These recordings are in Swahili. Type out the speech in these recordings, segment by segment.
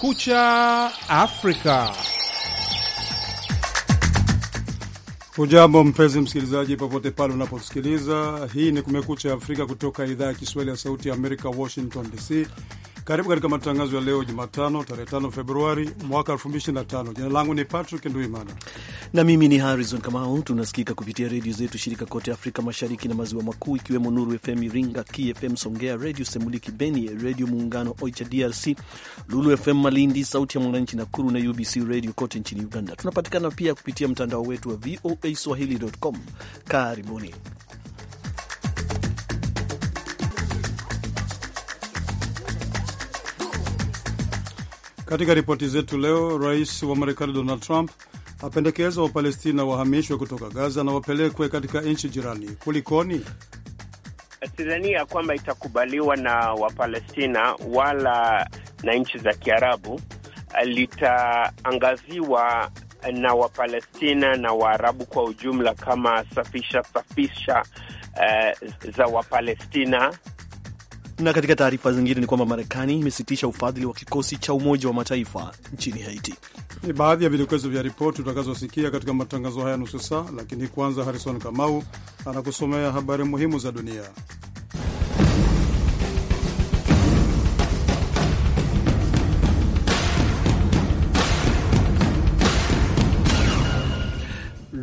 Kumekucha Afrika. Hujambo mpenzi msikilizaji, popote pale unaposikiliza. Hii ni Kumekucha Afrika kutoka idhaa ya Kiswahili ya Sauti ya Amerika, Washington DC. Karibu katika matangazo ya leo Jumatano, tarehe 5 Februari mwaka 2025. Jina langu ni Patrick Nduimana na mimi ni Harrison Kamau. Tunasikika kupitia redio zetu shirika kote Afrika Mashariki na Maziwa Makuu, ikiwemo Nuru FM Iringa, KFM Songea, Redio Semuliki Beni, Redio Muungano Oicha DRC, Lulu FM Malindi, Sauti ya Mwananchi Nakuru na UBC Redio kote nchini Uganda. Tunapatikana pia kupitia mtandao wetu wa VOA Swahili.com. Karibuni. Katika ripoti zetu leo, rais wa Marekani Donald Trump apendekeza Wapalestina wahamishwe kutoka Gaza na wapelekwe katika nchi jirani. Kulikoni? Sidhani ya kwamba itakubaliwa na Wapalestina wala na nchi za Kiarabu, litaangaziwa na Wapalestina na Waarabu kwa ujumla kama safisha safisha uh, za Wapalestina na katika taarifa zingine ni kwamba Marekani imesitisha ufadhili wa kikosi cha Umoja wa Mataifa nchini Haiti. Ni baadhi ya vidokezo vya ripoti utakazosikia katika matangazo haya nusu saa, lakini kwanza, Harison Kamau anakusomea habari muhimu za dunia.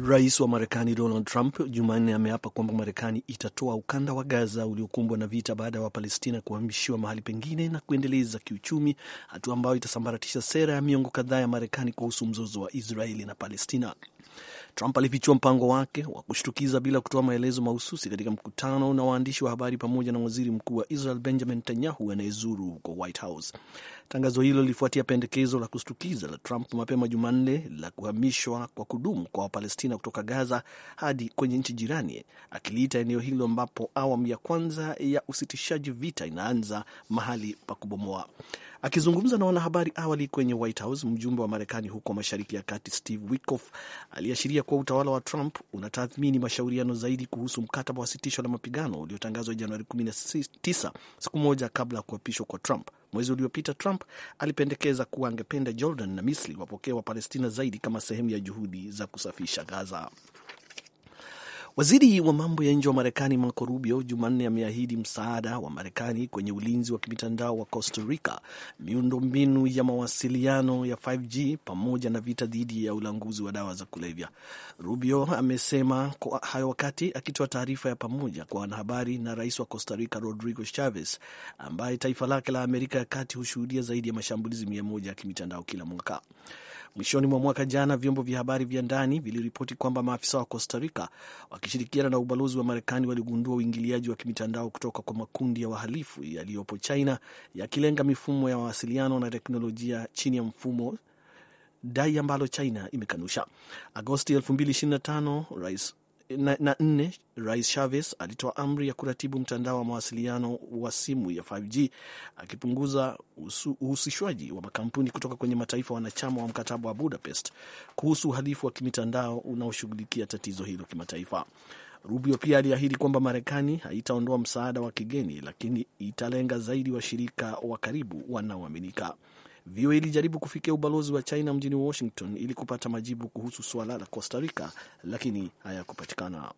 Rais wa Marekani Donald Trump Jumanne ameapa kwamba Marekani itatoa ukanda wa Gaza uliokumbwa na vita baada ya Wapalestina kuhamishiwa mahali pengine na kuendeleza kiuchumi, hatua ambayo itasambaratisha sera ya miongo kadhaa ya Marekani kuhusu mzozo wa Israeli na Palestina. Trump alifichua mpango wake wa kushtukiza bila kutoa maelezo mahususi katika mkutano na waandishi wa habari pamoja na waziri mkuu wa Israel Benjamin Netanyahu anayezuru huko White House. Tangazo hilo lilifuatia pendekezo la kushtukiza la Trump mapema Jumanne la kuhamishwa kwa kudumu kwa Wapalestina kutoka Gaza hadi kwenye nchi jirani, akiliita eneo hilo ambapo awamu ya kwanza ya usitishaji vita inaanza mahali pa kubomoa. Akizungumza na wanahabari awali kwenye White House, mjumbe wa Marekani huko Mashariki ya Kati Steve Witkoff aliashiria kuwa utawala wa Trump unatathmini mashauriano zaidi kuhusu mkataba wa sitisho la mapigano uliotangazwa Januari 19, siku moja kabla ya kuapishwa kwa Trump Mwezi uliopita Trump alipendekeza kuwa angependa Jordan na Misri wapokee Wapalestina zaidi kama sehemu ya juhudi za kusafisha Gaza. Waziri wa mambo ya nje wa Marekani Marco Rubio Jumanne ameahidi msaada wa Marekani kwenye ulinzi wa kimitandao wa Costa Rica, miundombinu ya mawasiliano ya 5G pamoja na vita dhidi ya ulanguzi wa dawa za kulevya. Rubio amesema hayo wakati akitoa taarifa ya pamoja kwa wanahabari na rais wa Costa Rica Rodrigo Chavez, ambaye taifa lake la Amerika ya Kati hushuhudia zaidi ya mashambulizi mia moja ya kimitandao kila mwaka. Mwishoni mwa mwaka jana, vyombo vya habari vya ndani viliripoti kwamba maafisa wa Costa Rica wakishirikiana na ubalozi wa Marekani waligundua uingiliaji wa kimitandao kutoka kwa makundi ya wahalifu yaliyopo China yakilenga mifumo ya mawasiliano na teknolojia chini ya mfumo dai ambalo China imekanusha. Agosti 2025 rais na nne Rais Chavez alitoa amri ya kuratibu mtandao wa mawasiliano wa simu ya 5G akipunguza uhusishwaji wa makampuni kutoka kwenye mataifa wanachama wa mkataba wa Budapest kuhusu uhalifu wa kimitandao unaoshughulikia tatizo hilo kimataifa. Rubio pia aliahidi kwamba Marekani haitaondoa msaada wa kigeni, lakini italenga zaidi washirika wa karibu wanaoaminika. VOA ilijaribu kufikia ubalozi wa China mjini Washington ili kupata majibu kuhusu suala la Costa Rica lakini hayakupatikana.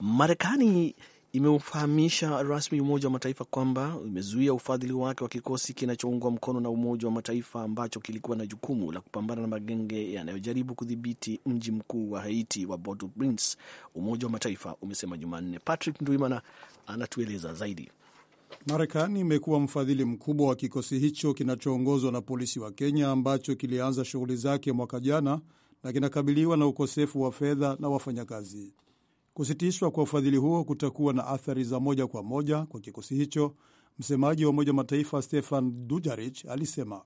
Marekani imeufahamisha rasmi Umoja wa Mataifa kwamba imezuia ufadhili wake wa kikosi kinachoungwa mkono na Umoja wa Mataifa ambacho kilikuwa na jukumu la kupambana na magenge yanayojaribu kudhibiti mji mkuu wa Haiti wa Port-au-Prince. Umoja wa Mataifa umesema Jumanne. Patrick Ndwimana anatueleza zaidi. Marekani imekuwa mfadhili mkubwa wa kikosi hicho kinachoongozwa na polisi wa Kenya ambacho kilianza shughuli zake mwaka jana na kinakabiliwa na ukosefu wa fedha na wafanyakazi. Kusitishwa kwa ufadhili huo kutakuwa na athari za moja kwa moja kwa kikosi hicho, msemaji wa Umoja Mataifa Stefan dujarich alisema.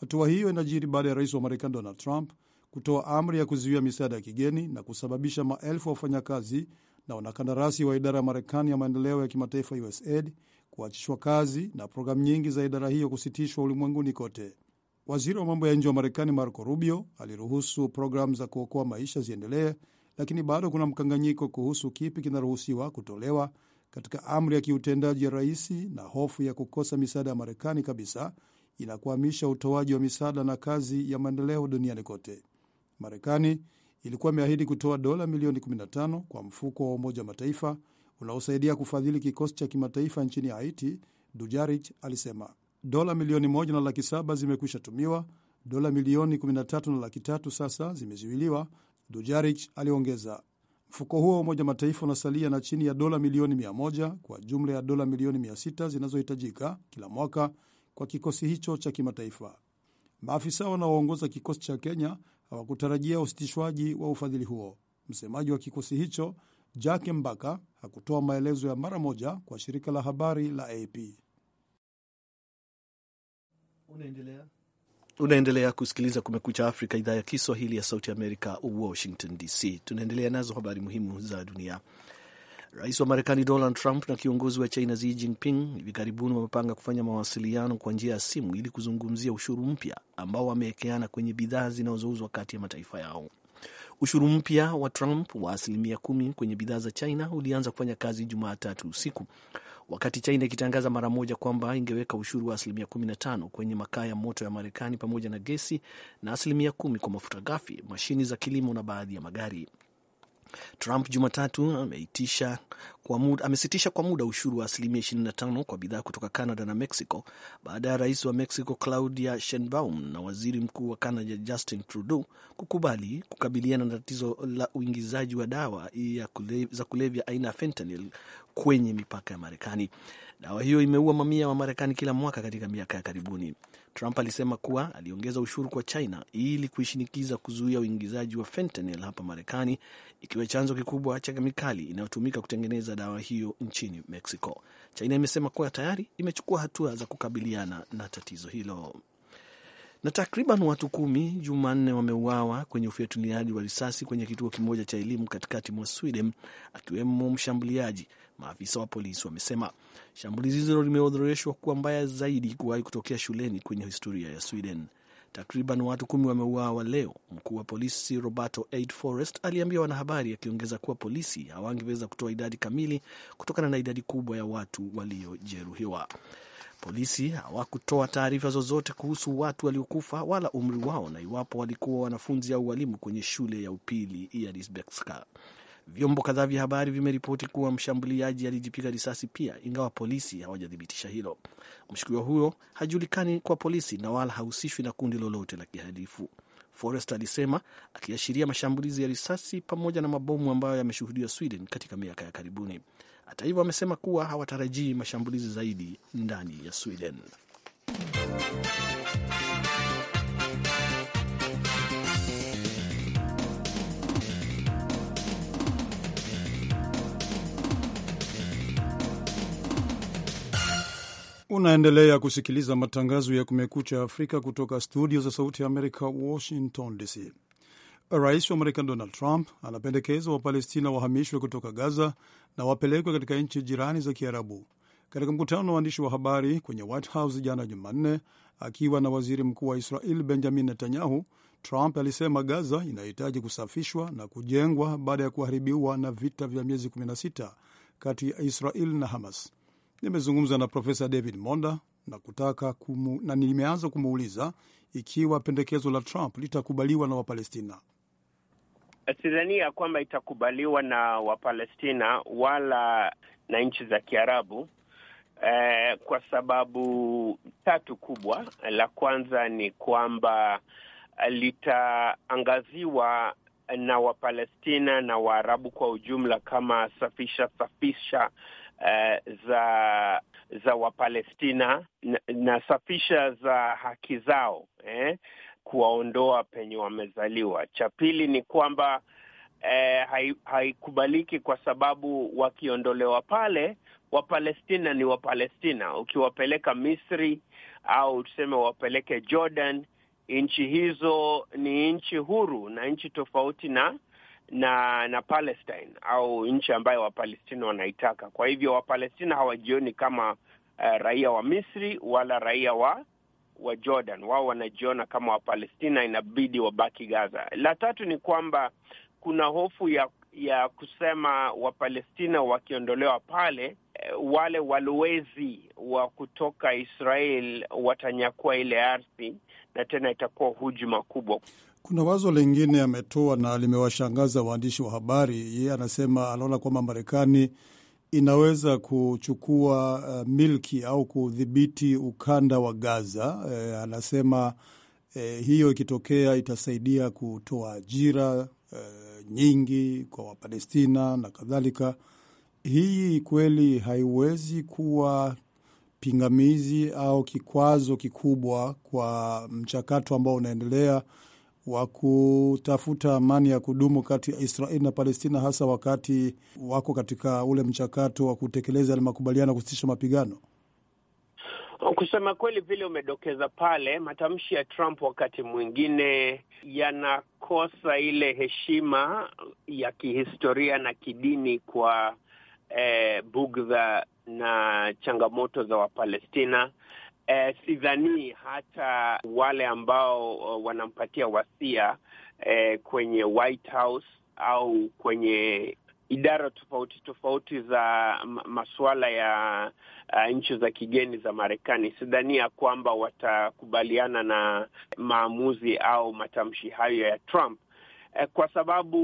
Hatua hiyo inajiri baada ya rais wa Marekani Donald Trump kutoa amri ya kuzuia misaada ya kigeni na kusababisha maelfu ya wafanyakazi na wanakandarasi wa idara ya Marekani ya maendeleo ya kimataifa USAID kuachishwa kazi na programu nyingi za idara hiyo kusitishwa ulimwenguni kote. Waziri wa mambo ya nje wa Marekani Marco Rubio aliruhusu programu za kuokoa maisha ziendelee, lakini bado kuna mkanganyiko kuhusu kipi kinaruhusiwa kutolewa katika amri ya kiutendaji ya rais, na hofu ya kukosa misaada ya Marekani kabisa inakwamisha utoaji wa misaada na kazi ya maendeleo duniani kote. Marekani ilikuwa imeahidi kutoa dola milioni 15 kwa mfuko wa Umoja wa Mataifa unaosaidia kufadhili kikosi cha kimataifa nchini Haiti, Dujarric alisema dola milioni moja na laki saba zimekwisha tumiwa. Dola milioni kumi na laki tatu sasa zimezuiliwa, Dujarric aliongeza. Mfuko huo wa Umoja Mataifa unasalia na chini ya dola milioni moja kwa jumla ya dola milioni sita zinazohitajika kila mwaka kwa kikosi hicho cha kimataifa. Maafisa wanaoongoza kikosi cha Kenya hawakutarajia usitishwaji wa ufadhili huo. Msemaji wa kikosi hicho Jake Mbaka hakutoa maelezo ya mara moja kwa shirika la habari la AP. Unaendelea, unaendelea kusikiliza Kumekucha Afrika, idhaa ya Kiswahili ya Sauti Amerika, Washington DC. Tunaendelea nazo habari muhimu za dunia. Rais wa Marekani Donald Trump na kiongozi wa China Xi Jinping hivi karibuni wamepanga kufanya mawasiliano kwa njia ya simu ili kuzungumzia ushuru mpya ambao wamewekeana kwenye bidhaa zinazouzwa kati ya mataifa yao. Ushuru mpya wa Trump wa asilimia kumi kwenye bidhaa za China ulianza kufanya kazi Jumatatu usiku wakati China ikitangaza mara moja kwamba ingeweka ushuru wa asilimia kumi na tano kwenye makaa ya moto ya Marekani pamoja na gesi na asilimia kumi kwa mafuta ghafi, mashini za kilimo na baadhi ya magari. Trump Jumatatu ameitisha kwa muda, amesitisha kwa muda ushuru wa asilimia 25 kwa bidhaa kutoka Canada na Mexico baada ya rais wa Mexico Claudia Sheinbaum na waziri mkuu wa Canada Justin Trudeau kukubali kukabiliana na tatizo la uingizaji wa dawa kule, za kulevya aina ya fentanyl kwenye mipaka ya Marekani. Dawa hiyo imeua mamia wa Marekani kila mwaka katika miaka ya karibuni. Trump alisema kuwa aliongeza ushuru kwa China ili kuishinikiza kuzuia uingizaji wa fentanyl hapa Marekani, ikiwa chanzo kikubwa cha kemikali inayotumika kutengeneza dawa hiyo nchini Mexico. China imesema kuwa tayari imechukua hatua za kukabiliana na tatizo hilo. Na takriban watu kumi Jumanne wameuawa kwenye ufyatuliaji wa risasi kwenye kituo kimoja cha elimu katikati mwa Sweden, akiwemo mshambuliaji, maafisa wa polisi wamesema. Shambulizi hilo limeorodheshwa kuwa mbaya zaidi kuwahi kutokea shuleni kwenye historia ya Sweden. Takriban watu kumi wameuawa leo, mkuu wa polisi Roberto Eid Forest aliambia wanahabari, akiongeza kuwa polisi hawangeweza kutoa idadi kamili kutokana na idadi kubwa ya watu waliojeruhiwa. Polisi hawakutoa taarifa zozote kuhusu watu waliokufa wala umri wao na iwapo walikuwa wanafunzi au walimu kwenye shule ya upili ya lisbekska Vyombo kadhaa vya habari vimeripoti kuwa mshambuliaji alijipiga risasi pia, ingawa polisi hawajathibitisha hilo. Mshukiwa huyo hajulikani kwa polisi na wala hahusishwi na kundi lolote la kihalifu, forest alisema, akiashiria mashambulizi ya risasi pamoja na mabomu ambayo yameshuhudiwa Sweden katika miaka ya karibuni. Hata hivyo, amesema kuwa hawatarajii mashambulizi zaidi ndani ya Sweden. Unaendelea kusikiliza matangazo ya Kumekucha Afrika kutoka studio za Sauti ya Amerika, Washington DC. Rais wa Marekani Donald Trump anapendekeza Wapalestina wahamishwe kutoka Gaza na wapelekwe katika nchi jirani za Kiarabu. Katika mkutano wa waandishi wa habari kwenye White House jana Jumanne, akiwa na waziri mkuu wa Israel Benjamin Netanyahu, Trump alisema Gaza inahitaji kusafishwa na kujengwa baada ya kuharibiwa na vita vya miezi 16 kati ya Israel na Hamas. Nimezungumza na Profesa David Monda na kutaka kumu, na nimeanza kumuuliza ikiwa pendekezo la Trump litakubaliwa na Wapalestina. Sidhani ya kwamba itakubaliwa na Wapalestina wala na nchi za Kiarabu eh, kwa sababu tatu kubwa. La kwanza ni kwamba litaangaziwa na Wapalestina na Waarabu kwa ujumla kama safisha safisha Eh, za za Wapalestina na safisha za haki zao eh, kuwaondoa penye wamezaliwa. Cha pili ni kwamba eh, haikubaliki hai kwa sababu wakiondolewa pale Wapalestina ni Wapalestina. Ukiwapeleka Misri au tuseme wapeleke Jordan, nchi hizo ni nchi huru na nchi tofauti na na na Palestine au nchi ambayo Wapalestina wanaitaka. Kwa hivyo Wapalestina hawajioni kama uh, raia wa Misri wala raia wa wa Jordan. Wao wanajiona kama Wapalestina, inabidi wabaki Gaza. La tatu ni kwamba kuna hofu ya ya kusema Wapalestina wakiondolewa pale, eh, wale walowezi wa kutoka Israel watanyakua ile ardhi na tena itakuwa hujuma kubwa. Kuna wazo lingine ametoa na limewashangaza waandishi wa habari. Yeye anasema anaona kwamba Marekani inaweza kuchukua uh, milki au kudhibiti ukanda wa Gaza. E, anasema e, hiyo ikitokea itasaidia kutoa ajira e, nyingi kwa Wapalestina na kadhalika. Hii kweli haiwezi kuwa pingamizi au kikwazo kikubwa kwa mchakato ambao unaendelea wa kutafuta amani ya kudumu kati ya Israeli na Palestina, hasa wakati wako katika ule mchakato wa kutekeleza yale makubaliano ya kusitisha mapigano? Kusema kweli, vile umedokeza pale, matamshi ya Trump wakati mwingine yanakosa ile heshima ya kihistoria na kidini kwa eh, bugdha na changamoto za Wapalestina eh, sidhanii hata wale ambao eh, wanampatia wasia eh, kwenye White House au kwenye idara tofauti tofauti za masuala ya uh, nchi za kigeni za Marekani, sidhani ya kwamba watakubaliana na maamuzi au matamshi hayo ya Trump eh, kwa sababu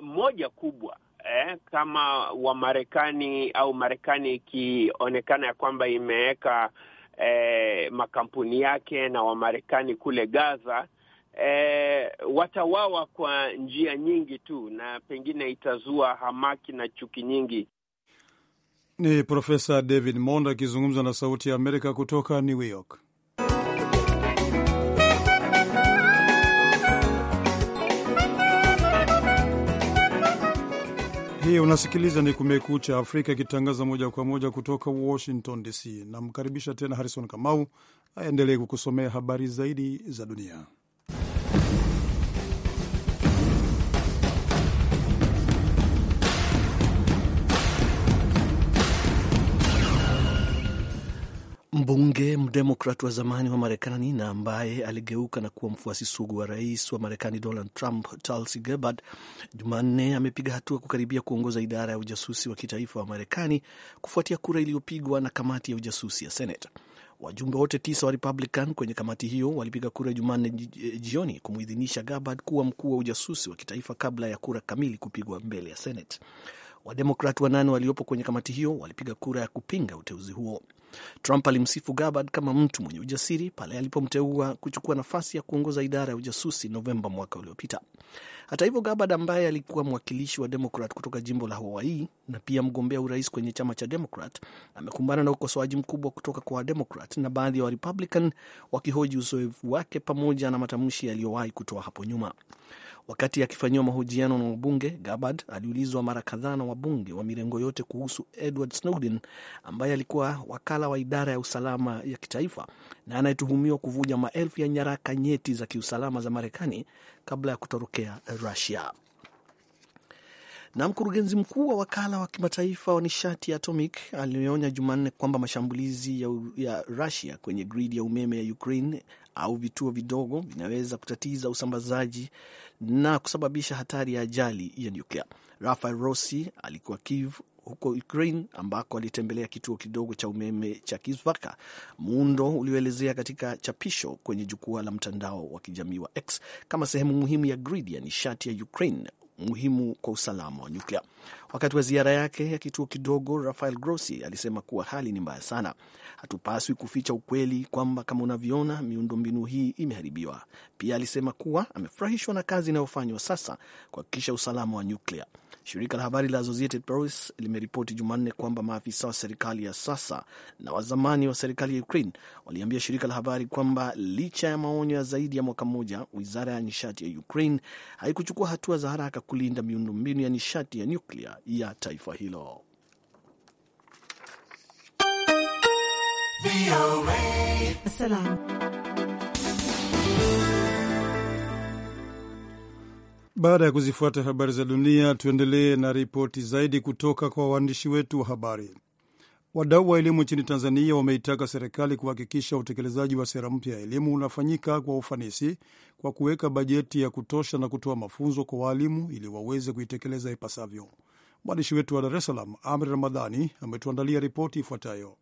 moja kubwa eh, kama Wamarekani au Marekani ikionekana ya kwamba imeweka eh, makampuni yake na Wamarekani kule Gaza eh, watawawa kwa njia nyingi tu, na pengine itazua hamaki na chuki nyingi. Ni Profesa David Monda akizungumza na Sauti ya Amerika kutoka New York. hii unasikiliza ni Kumekucha Afrika ikitangaza moja kwa moja kutoka Washington DC. Namkaribisha tena Harrison Kamau aendelee kukusomea habari zaidi za dunia. mbunge mdemokrat wa zamani wa Marekani na ambaye aligeuka na kuwa mfuasi sugu wa rais wa Marekani Donald Trump, Charles Gebhardt, Jumanne amepiga hatua kukaribia kuongoza idara ya ujasusi wa kitaifa wa Marekani kufuatia kura iliyopigwa na kamati ya ujasusi ya Senate. Wajumbe wote tisa wa Republican kwenye kamati hiyo walipiga kura Jumanne eh, jioni kumuidhinisha Gebhardt kuwa mkuu wa ujasusi wa kitaifa kabla ya kura kamili kupigwa mbele ya Senate. Wademokrat wanane waliopo kwenye kamati hiyo walipiga kura ya kupinga uteuzi huo. Trump alimsifu Gabbard kama mtu mwenye ujasiri pale alipomteua kuchukua nafasi ya kuongoza idara ya ujasusi Novemba mwaka uliopita. Hata hivyo, Gabbard ambaye alikuwa mwakilishi wa Demokrat kutoka jimbo la Hawaii na pia mgombea urais kwenye chama cha Demokrat amekumbana na ukosoaji mkubwa kutoka kwa Wademokrat na baadhi ya wa Warepublican wakihoji uzoefu wake pamoja na matamshi yaliyowahi kutoa hapo nyuma. Wakati akifanyiwa mahojiano na wabunge, Gabbard aliulizwa mara kadhaa na wabunge wa mirengo yote kuhusu Edward Snowden ambaye alikuwa wakala wa idara ya usalama ya kitaifa na anayetuhumiwa kuvuja maelfu ya nyaraka nyeti za kiusalama za Marekani kabla ya kutorokea Rusia. Na mkurugenzi mkuu wa wakala wa kimataifa wa nishati ya atomic alionya Jumanne kwamba mashambulizi ya, ya Rusia kwenye gridi ya umeme ya Ukraine au vituo vidogo vinaweza kutatiza usambazaji na kusababisha hatari ya ajali ya nyuklia. Rafael Rossi alikuwa Kiev huko Ukraine ambako alitembelea kituo kidogo cha umeme cha Kizvaka, muundo ulioelezea katika chapisho kwenye jukwaa la mtandao wa kijamii wa X kama sehemu muhimu ya gridi ya nishati ya Ukraine muhimu kwa usalama wa nyuklia. Wakati wa ziara yake ya kituo kidogo, Rafael Grossi alisema kuwa hali ni mbaya sana, hatupaswi kuficha ukweli kwamba kama unavyoona miundombinu hii imeharibiwa. Pia alisema kuwa amefurahishwa na kazi inayofanywa sasa kuhakikisha usalama wa nyuklia Shirika la habari la Associated Press limeripoti Jumanne kwamba maafisa wa serikali ya sasa na wa zamani wa serikali ya Ukraine waliambia shirika la habari kwamba licha ya maonyo ya zaidi ya mwaka mmoja, wizara ya nishati ya Ukraine haikuchukua hatua za haraka kulinda miundombinu ya nishati ya nyuklia ya taifa hilo. Salam. Baada ya kuzifuata habari za dunia, tuendelee na ripoti zaidi kutoka kwa waandishi wetu wa habari. Wadau wa elimu nchini Tanzania wameitaka serikali kuhakikisha utekelezaji wa sera mpya ya elimu unafanyika kwa ufanisi kwa kuweka bajeti ya kutosha na kutoa mafunzo kwa waalimu ili waweze kuitekeleza ipasavyo. Mwandishi wetu wa Dar es Salaam, Amri Ramadhani, ametuandalia ripoti ifuatayo.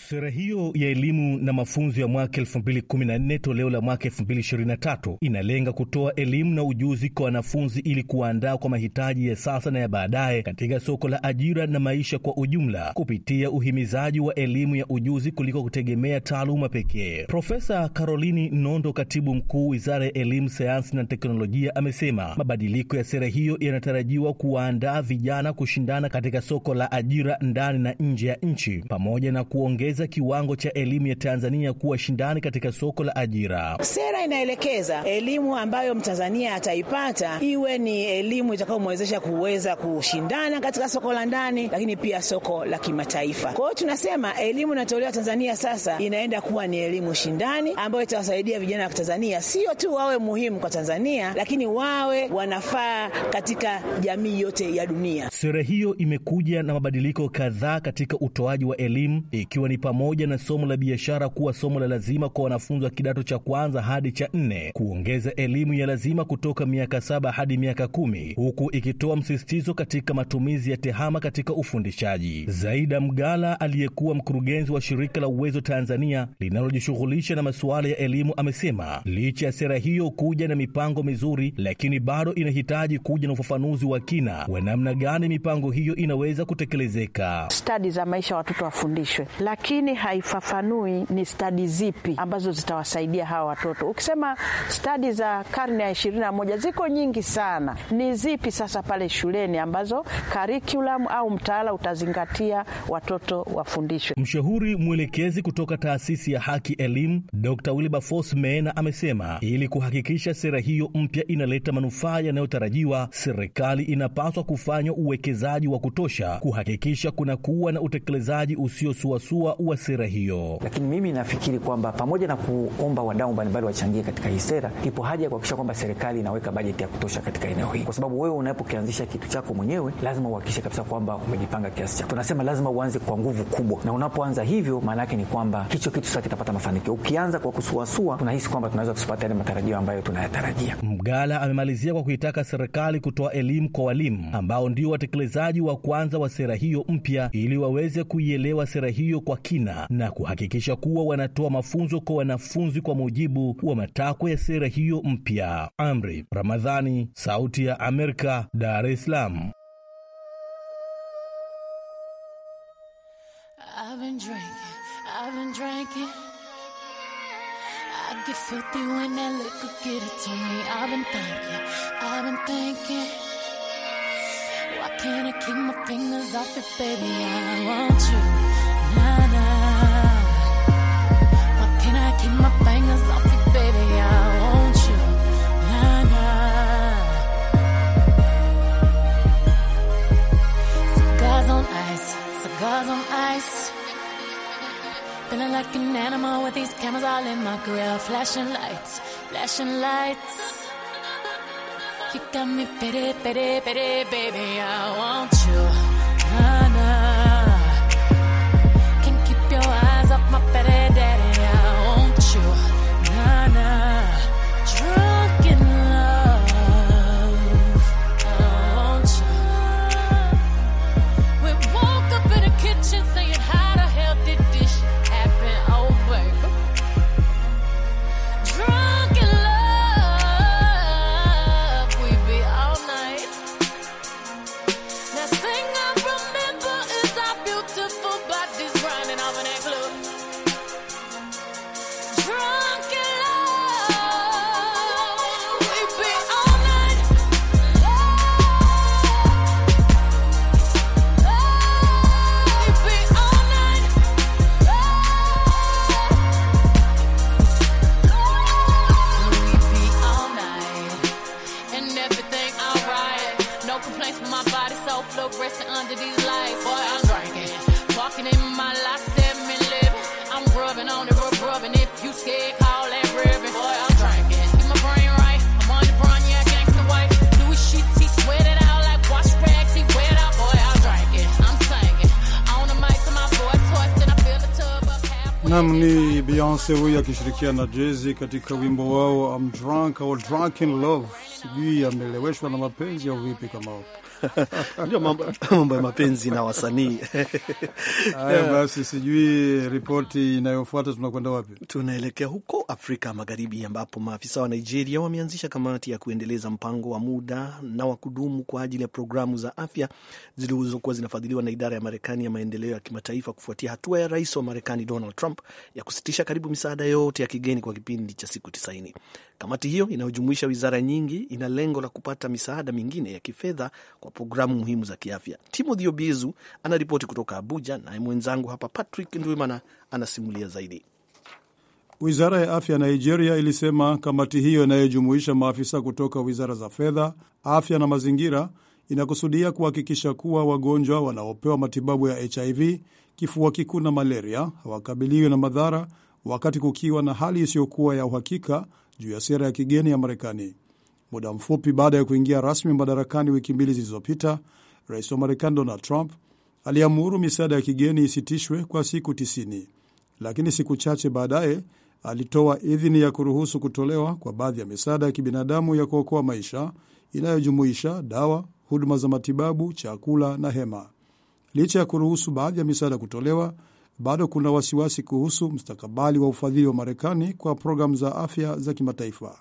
Sera hiyo ya elimu na mafunzo ya mwaka 2014 toleo la mwaka 2023 inalenga kutoa elimu na ujuzi kwa wanafunzi ili kuwaandaa kwa mahitaji ya sasa na ya baadaye katika soko la ajira na maisha kwa ujumla kupitia uhimizaji wa elimu ya ujuzi kuliko kutegemea taaluma pekee. Profesa Carolini Nondo, katibu mkuu Wizara ya Elimu, Sayansi na Teknolojia, amesema mabadiliko ya sera hiyo yanatarajiwa kuwaandaa vijana kushindana katika soko la ajira ndani na nje ya nchi pamoja na kuongeza kuongeza kiwango cha elimu ya Tanzania kuwa shindani katika soko la ajira. Sera inaelekeza elimu ambayo Mtanzania ataipata iwe ni elimu itakayomwezesha kuweza kushindana katika soko la ndani, lakini pia soko la kimataifa. Kwa hiyo tunasema elimu inayotolewa Tanzania sasa inaenda kuwa ni elimu shindani ambayo itawasaidia vijana wa Tanzania sio tu wawe muhimu kwa Tanzania, lakini wawe wanafaa katika jamii yote ya dunia. Sera hiyo imekuja na mabadiliko kadhaa katika utoaji wa elimu ikiwa ni ni pamoja na somo la biashara kuwa somo la lazima kwa wanafunzi wa kidato cha kwanza hadi cha nne, kuongeza elimu ya lazima kutoka miaka saba hadi miaka kumi, huku ikitoa msisitizo katika matumizi ya tehama katika ufundishaji. Zaida Mgala aliyekuwa mkurugenzi wa shirika la Uwezo Tanzania linalojishughulisha na masuala ya elimu amesema licha ya sera hiyo kuja na mipango mizuri, lakini bado inahitaji kuja na ufafanuzi wa kina wa namna gani mipango hiyo inaweza kutekelezeka. Stadi za maisha watoto wafundishwe, lakini lakini haifafanui ni stadi zipi ambazo zitawasaidia hawa watoto. Ukisema stadi za karne ya ishirini na moja ziko nyingi sana, ni zipi sasa pale shuleni ambazo karikulam au mtaala utazingatia watoto wafundishwe? Mshauri mwelekezi kutoka taasisi ya Haki Elimu Dr. Wilberforce Meena amesema ili kuhakikisha sera hiyo mpya inaleta manufaa yanayotarajiwa, serikali inapaswa kufanya uwekezaji wa kutosha kuhakikisha kuna kuwa na utekelezaji usiosuasua wa sera hiyo. Lakini mimi nafikiri kwamba pamoja na kuomba wadau mbalimbali wachangie katika hii sera, ipo haja ya kuhakikisha kwamba serikali inaweka bajeti ya kutosha katika eneo hili, kwa sababu wewe unapokianzisha kitu chako mwenyewe lazima uhakikishe kabisa kwamba umejipanga kiasi chako. Tunasema lazima uanze kwa nguvu kubwa, na unapoanza hivyo, maana yake ni kwamba hicho kitu sasa kitapata mafanikio. Ukianza kwa kusuasua, tunahisi kwamba tunaweza kusipata yale matarajio ambayo tunayatarajia. Mgala amemalizia kwa kuitaka serikali kutoa elimu kwa walimu ambao ndio watekelezaji wa kwanza wa sera hiyo mpya ili waweze kuielewa sera hiyo kwa kina na kuhakikisha kuwa wanatoa mafunzo kwa wanafunzi kwa mujibu wa matakwa ya sera hiyo mpya. Amri Ramadhani, Sauti ya Amerika, Dar es Salaam. Why can't I keep my fingers off it, baby? I want you. like an animal with these cameras all in my grill. Flashing lights, flashing lights. You got me pity, pity, pity, baby. I want you. Nam ni Beyonce huyu akishirikiana na Jay-Z katika wimbo wao I'm drunk or drunk in love. Sijui ameleweshwa na mapenzi au vipi? Kama ndio mambo ya mapenzi na wasanii haya. Basi sijui ripoti inayofuata tunakwenda wapi? Tunaelekea huko Afrika Magharibi, ambapo maafisa wa Nigeria wameanzisha kamati ya kuendeleza mpango wa muda na wa kudumu kwa ajili ya programu za afya zilizokuwa zinafadhiliwa na idara ya Marekani ya maendeleo ya kimataifa kufuatia hatua ya rais wa Marekani Donald Trump ya kusitisha karibu misaada yote ya kigeni kwa kipindi cha siku tisaini. Kamati hiyo inayojumuisha wizara nyingi ina lengo la kupata misaada mingine ya kifedha kwa programu muhimu za kiafya. Timothy Obiezu anaripoti kutoka Abuja, naye mwenzangu hapa Patrick Ndwimana anasimulia zaidi. Wizara ya afya ya Nigeria ilisema kamati hiyo inayojumuisha maafisa kutoka wizara za fedha, afya na mazingira inakusudia kuhakikisha kuwa wagonjwa wanaopewa matibabu ya HIV, kifua kikuu na malaria hawakabiliwi na madhara wakati kukiwa na hali isiyokuwa ya uhakika juu ya sera ya kigeni ya Marekani. Muda mfupi baada ya kuingia rasmi madarakani wiki mbili zilizopita, rais wa Marekani Donald Trump aliamuru misaada ya kigeni isitishwe kwa siku tisini, lakini siku chache baadaye alitoa idhini ya kuruhusu kutolewa kwa baadhi ya misaada ya kibinadamu ya kuokoa maisha inayojumuisha dawa, huduma za matibabu, chakula na hema. Licha ya kuruhusu baadhi ya misaada kutolewa, bado kuna wasiwasi kuhusu mstakabali wa ufadhili wa Marekani kwa programu za afya za kimataifa.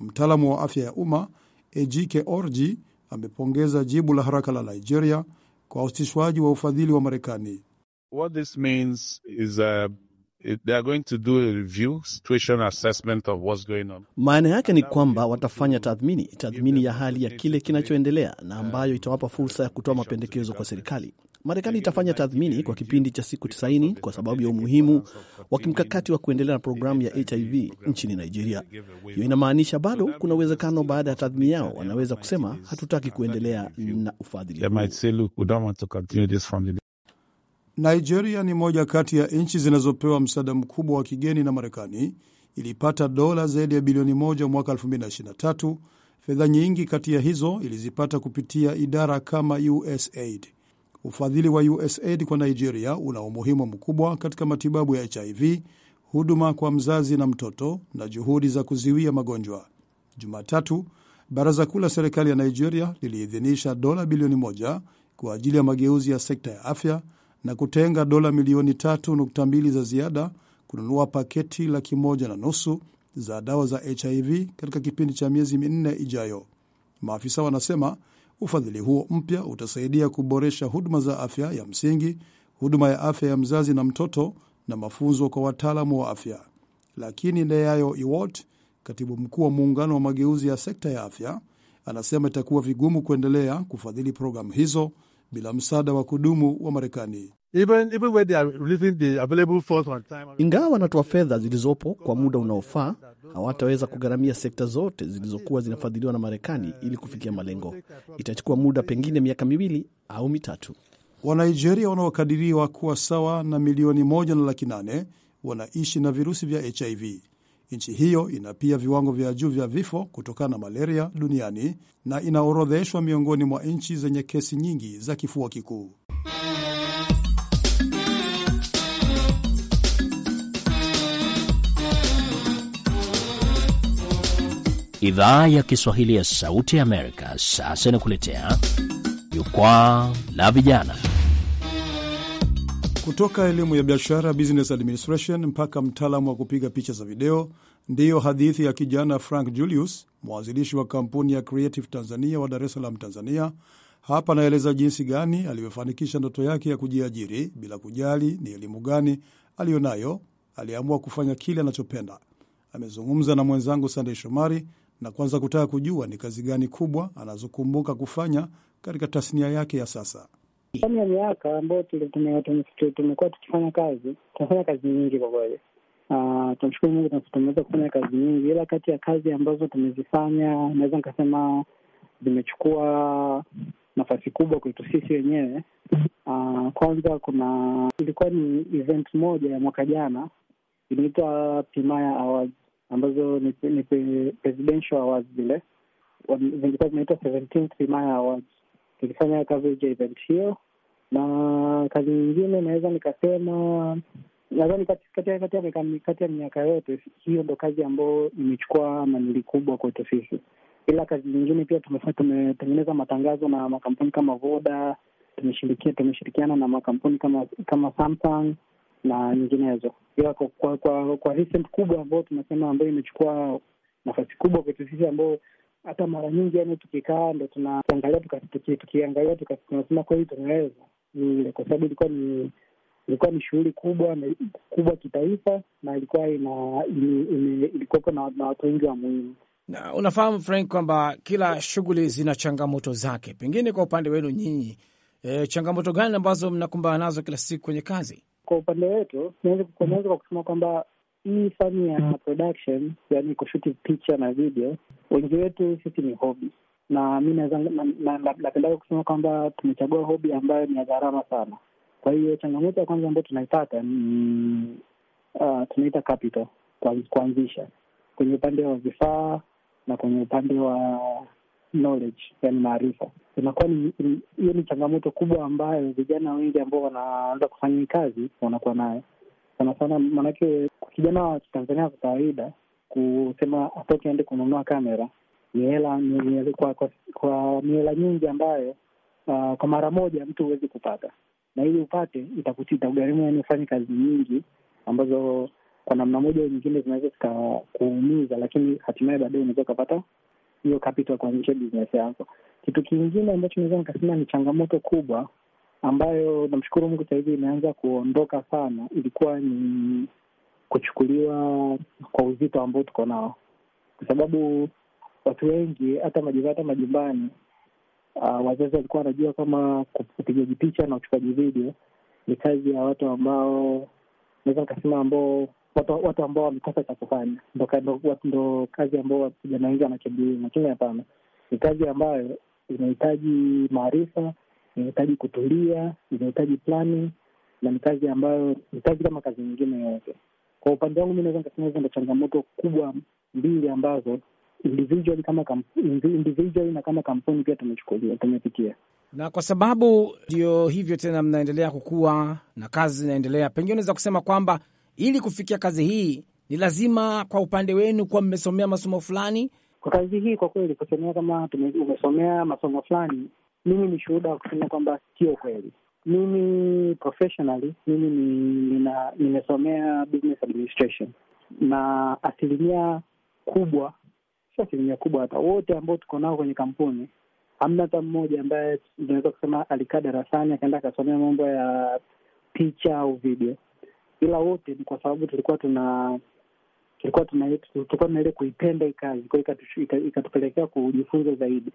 Mtaalamu wa afya ya umma Ejike Orji amepongeza jibu la haraka la Nigeria kwa usitishwaji wa ufadhili wa Marekani. What this means is uh, They are going to do a review, situation assessment of what's going on. Maana yake ni kwamba watafanya tathmini, tathmini ya hali ya kile kinachoendelea na ambayo itawapa fursa ya kutoa mapendekezo kwa serikali. Marekani itafanya tathmini kwa kipindi cha siku 90 kwa sababu ya umuhimu wa kimkakati wa kuendelea na programu ya HIV nchini Nigeria. Hiyo inamaanisha bado kuna uwezekano baada ya tathmini yao wanaweza kusema hatutaki kuendelea na ufadhili. Nigeria ni moja kati ya nchi zinazopewa msaada mkubwa wa kigeni na Marekani. Ilipata dola zaidi ya bilioni moja mwaka 2023. Fedha nyingi kati ya hizo ilizipata kupitia idara kama USAID. Ufadhili wa USAID kwa Nigeria una umuhimu mkubwa katika matibabu ya HIV, huduma kwa mzazi na mtoto na juhudi za kuziwia magonjwa. Jumatatu, baraza kuu la serikali ya Nigeria liliidhinisha dola bilioni moja kwa ajili ya mageuzi ya sekta ya afya na kutenga dola milioni 3.2 za ziada kununua paketi laki moja na nusu za dawa za HIV katika kipindi cha miezi minne ijayo. Maafisa wanasema ufadhili huo mpya utasaidia kuboresha huduma za afya ya msingi, huduma ya afya ya mzazi na mtoto na mafunzo kwa wataalamu wa afya. Lakini Neyayo Iwot, katibu mkuu wa muungano wa mageuzi ya sekta ya afya, anasema itakuwa vigumu kuendelea kufadhili programu hizo bila msaada wa kudumu wa Marekani. Ingawa wanatoa fedha zilizopo kwa muda unaofaa, hawataweza kugharamia sekta zote zilizokuwa zinafadhiliwa na Marekani ili kufikia malengo. Itachukua muda, pengine miaka miwili au mitatu. wanigeria wanaokadiriwa kuwa sawa na milioni moja na laki nane wanaishi na virusi vya HIV. Nchi hiyo ina pia viwango vya juu vya vifo kutokana na malaria duniani na inaorodheshwa miongoni mwa nchi zenye kesi nyingi za kifua kikuu. Idhaa ya Kiswahili ya Sauti ya Amerika sasa inakuletea Jukwaa la Vijana. Kutoka elimu ya biashara business administration mpaka mtaalamu wa kupiga picha za video, ndiyo hadithi ya kijana Frank Julius, mwanzilishi wa kampuni ya Creative Tanzania wa Dar es Salaam, Tanzania. Hapa anaeleza jinsi gani alivyofanikisha ndoto yake ya kujiajiri bila kujali ni elimu gani aliyonayo. Aliamua kufanya kile anachopenda. Amezungumza na mwenzangu Sandey Shomari na kwanza kutaka kujua ni kazi gani kubwa anazokumbuka kufanya katika tasnia yake ya sasa. Ndani ya miaka ambayo tumekuwa tukifanya kazi, tunafanya kazi nyingi kwa kweli. Uh, ah, tumshukuru Mungu tumeweza kufanya kazi nyingi, ila kati ya kazi ambazo tumezifanya naweza nikasema zimechukua nafasi kubwa kwetu sisi wenyewe. Uh, kwanza kuna ilikuwa ni event moja ya mwaka jana inaitwa Pimaya Awards ambazo ni, ni presidential awards zile zingekuwa zinaitwa 17th Pimaya Awards tukifanya coverage ya event hiyo. Na kazi nyingine naweza nikasema, nadhani kati ya miaka yote hiyo ndo kazi ambayo imechukua manili kubwa kwetu sisi, ila kazi nyingine pia tumetengeneza matangazo na makampuni kama Voda, tumeshirikiana na makampuni kama kama Samsung na nyinginezo, ila kwa kwa, kwa, kwa recent kubwa ambayo tunasema ambayo imechukua nafasi kubwa kwetu sisi ambao hata mara nyingi, yani tukikaa ndo tunaangalia tukiangalia tunasema kweli tunaweza ile, kwa sababu ilikuwa ni ilikuwa ni shughuli kubwa kubwa kitaifa, na ilikuwa ina ilikuwepo na watu wengi wa muhimu. Na unafahamu Frank kwamba kila shughuli zina changamoto zake. Pengine kwa upande wenu nyinyi, e, changamoto gani ambazo mnakumbana nazo kila siku kwenye kazi? Kwa upande wetu naweza kwa kusema kwamba hii fani ya production, yani kushuti picha na video, wengi wetu sisi ni hobi, na mi napendaga kusema kwamba tumechagua hobi ambayo ni ya gharama sana. Kwa hiyo changamoto ya kwanza ambayo tunaipata ni uh, tunaita capital kuanzisha kwenye upande wa vifaa na kwenye upande wa knowledge, yani maarifa. Inakuwa hiyo ni changamoto kubwa ambayo vijana wengi ambao wanaanza kufanya kazi wanakuwa nayo sana sana, maanake kijana wa Tanzania kwa kawaida kusema atoke aende kununua kamera ni hela kwa, kwa, kwa ni hela nyingi ambayo uh, kwa mara moja mtu huwezi kupata, na ili upate itakugharimu, yaani ufanye kazi nyingi ambazo kwa namna moja nyingine zinaweza zikakuumiza, lakini hatimaye baadaye unaweza ukapata hiyo capital kuanzisha business yako. Kitu kingine ambacho naweza nikasema ni changamoto kubwa ambayo namshukuru Mungu sasa hivi imeanza kuondoka sana, ilikuwa ni kuchukuliwa kwa uzito ambao tuko nao, kwa sababu watu wengi hata majira hata majumbani uh, wazazi walikuwa wanajua kama upigaji picha na uchukaji video ni kazi ya watu ambao naweza nikasema ambao watu, watu ambao wamekosa cha kufanya, ndo kazi ambao vijana wengi wanakimbilia, lakini hapana, ni kazi ambayo inahitaji maarifa inahitaji kutulia, inahitaji plani na ni kazi ambayo ni kazi kama kazi nyingine yoyote. Kwa upande wangu mi naweza nikasema hizo ndo changamoto kubwa mbili ambazo individually kama individually na kama kampuni pia tumechukulia tumepitia, na kwa sababu ndio hivyo tena, mnaendelea kukua na kazi zinaendelea, pengine unaweza kusema kwamba ili kufikia kazi hii ni lazima kwa upande wenu kuwa mmesomea masomo fulani kwa kazi hii. Kwa kweli kusomea kama umesomea masomo fulani mimi ni shuhuda wa kusema kwamba sio kweli. Mimi professionally mimi nimesomea business administration na asilimia kubwa, sio asilimia kubwa, hata wote ambao tuko nao kwenye kampuni hamna hata mmoja ambaye tunaweza kusema alikaa darasani akaenda akasomea mambo ya picha au video, ila wote ni kwa sababu tulikuwa tuna tulikuwa tuna tulikuwa tuna ile kuipenda hii kazi, kwa ikatupelekea kujifunza zaidi.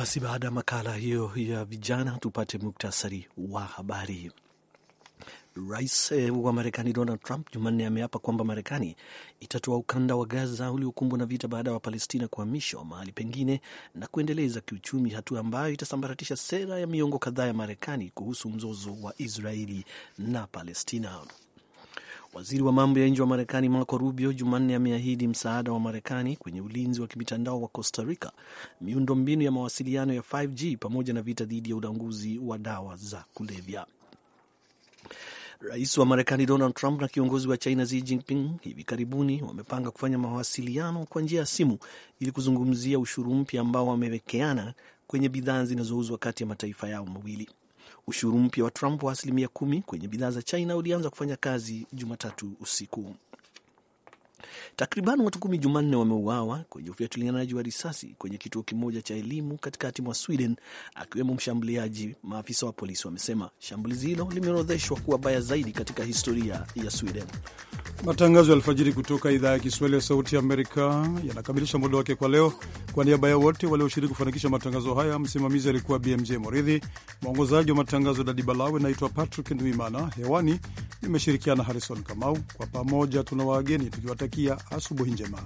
Basi baada ya makala hiyo ya vijana, tupate muktasari wa habari. Rais eh, wa Marekani Donald Trump Jumanne ameapa kwamba Marekani itatoa ukanda wa Gaza uliokumbwa na vita baada ya Wapalestina kuhamishwa mahali pengine na kuendeleza kiuchumi, hatua ambayo itasambaratisha sera ya miongo kadhaa ya Marekani kuhusu mzozo wa Israeli na Palestina. Waziri wa mambo ya nje wa Marekani Marco Rubio Jumanne ameahidi msaada wa Marekani kwenye ulinzi wa kimitandao wa Costa Rica, miundo mbinu ya mawasiliano ya 5G pamoja na vita dhidi ya ulanguzi wa dawa za kulevya. Rais wa Marekani Donald Trump na kiongozi wa China Xi Jinping hivi karibuni wamepanga kufanya mawasiliano kwa njia ya simu ili kuzungumzia ushuru mpya ambao wamewekeana kwenye bidhaa zinazouzwa kati ya mataifa yao mawili. Ushuru mpya wa Trump wa asilimia kumi kwenye bidhaa za China ulianza kufanya kazi Jumatatu usiku. Takriban watu kumi Jumanne wameuawa kwenye ufyatulianaji wa risasi kwenye kituo kimoja cha elimu katikati mwa Sweden, akiwemo mshambuliaji, maafisa wa polisi wamesema. Shambulizi hilo limeorodheshwa kuwa baya zaidi katika historia ya Sweden. Matangazo ya alfajiri kutoka idhaa ya Kiswahili ya Sauti ya Amerika yanakamilisha muda wake kwa leo. Kwa niaba ya wote walioshiriki kufanikisha matangazo haya, msimamizi alikuwa BMJ Moridhi, mwongozaji wa matangazo Dadi Balawe. Naitwa Patrick Ndwimana, hewani nimeshirikiana Harrison Kamau. Kwa pamoja tuna wageni tukiwata nikiwatakia asubuhi njema.